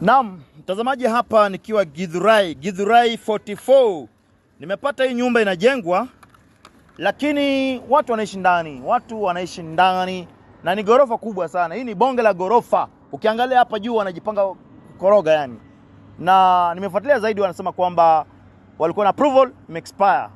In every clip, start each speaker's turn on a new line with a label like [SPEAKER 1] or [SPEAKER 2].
[SPEAKER 1] Naam, mtazamaji, hapa nikiwa Githurai, Githurai 44. Nimepata hii nyumba inajengwa, lakini watu wanaishi ndani, watu wanaishi ndani na ni gorofa kubwa sana. Hii ni bonge la gorofa, ukiangalia hapa juu wanajipanga koroga yani, na nimefuatilia zaidi, wanasema kwamba walikuwa na approval ime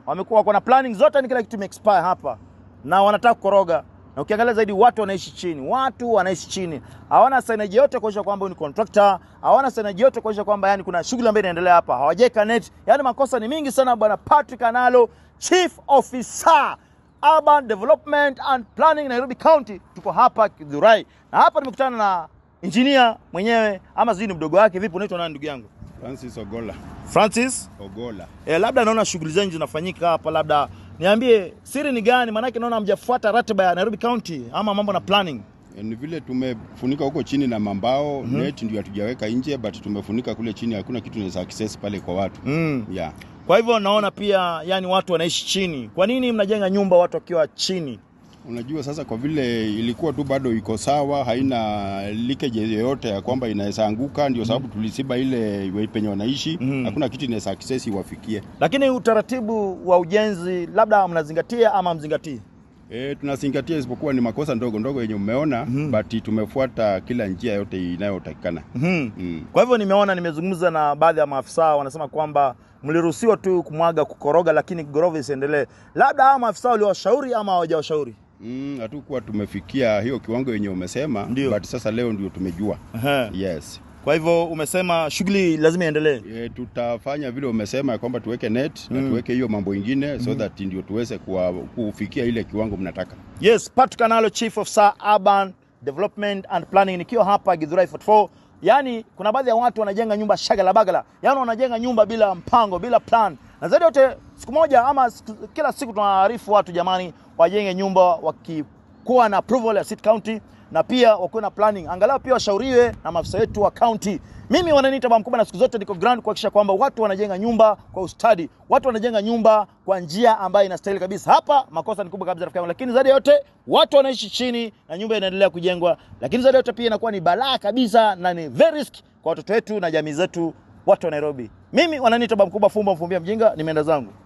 [SPEAKER 1] wamekuwa wako na planning zote, ni kila kitu ime hapa na wanataka kukoroga na ukiangalia zaidi watu wanaishi chini, watu wanaishi chini, hawana signage yote kuonyesha kwamba ni contractor, hawana signage yote kuonyesha kwamba yani kuna shughuli ambayo inaendelea hapa, hawajaweka net. Yani makosa ni mingi sana bwana Patrick Analo, Chief Officer Urban Development and Planning Nairobi County. Tuko hapa Kidhurai na hapa nimekutana na engineer mwenyewe, ama sijui ni mdogo wake, vipi, unaitwa nani ndugu yangu?
[SPEAKER 2] Francis Ogola.
[SPEAKER 1] Francis Ogola. Eh, labda naona shughuli zenu zinafanyika hapa labda Niambie siri ni gani? Maanake naona mjafuata ratiba ya Nairobi County ama mambo na planning.
[SPEAKER 2] Eh, ni vile tumefunika huko chini na mambao mm -hmm. net ndio hatujaweka nje but tumefunika kule chini, hakuna kitu naweza access pale kwa watu
[SPEAKER 1] mm. yeah. Kwa hivyo naona pia yani watu wanaishi chini. Kwa nini mnajenga nyumba watu wakiwa chini?
[SPEAKER 2] Unajua sasa, kwa vile ilikuwa tu bado iko sawa, haina leakage yoyote ya kwamba inaweza anguka, ndio mm. sababu tulisiba ile penye wanaishi mm. Hakuna kitu inaweza access iwafikie.
[SPEAKER 1] Lakini utaratibu wa ujenzi labda mnazingatia ama mzingatii?
[SPEAKER 2] E, tunazingatia isipokuwa ni makosa ndogo ndogo yenye umeona mm -hmm. But tumefuata kila njia yote inayotakikana
[SPEAKER 1] mm -hmm. mm. Kwa hivyo nimeona, nimezungumza na baadhi ya maafisa wanasema kwamba mliruhusiwa tu kumwaga kukoroga, lakini gorofa isiendelee. Labda hao maafisa waliwashauri ama hawajawashauri?
[SPEAKER 2] Mm, hatukuwa tumefikia hiyo kiwango yenye umesema Ndiyo. but sasa leo ndio tumejua.
[SPEAKER 1] Aha. Yes. Kwa hivyo umesema shughuli lazima iendelee.
[SPEAKER 2] E, tutafanya vile umesema ya kwamba tuweke net mm. na tuweke hiyo mambo ingine so mm. that ndio tuweze kufikia ile kiwango mnataka.
[SPEAKER 1] Yes, Pat Kanalo Chief of Sir Urban Development and Planning nikiwa hapa Githurai 44. Yaani kuna baadhi ya watu wanajenga nyumba shagala bagala, yaani wanajenga nyumba bila mpango, bila plan. Na zaidi yote siku moja ama kila siku tunaarifu watu jamani, wajenge nyumba wakikuwa na approval ya City County na pia wakuwe na planning, angalau pia washauriwe na maafisa wetu wa county. Mimi wananiita baba mkubwa, na siku zote niko ground kuhakikisha kwamba watu wanajenga nyumba kwa ustadi, watu wanajenga nyumba kwa njia ambayo inastahili kabisa. Hapa makosa ni kubwa kabisa rafiki yangu, lakini zaidi yote watu wanaishi chini na nyumba inaendelea kujengwa, lakini zaidi yote pia inakuwa ni balaa kabisa na ni very risk kwa watoto wetu na jamii zetu, watu wa Nairobi. Mimi wananiita baba mkubwa, fumba mfumbia mjinga, nimeenda zangu.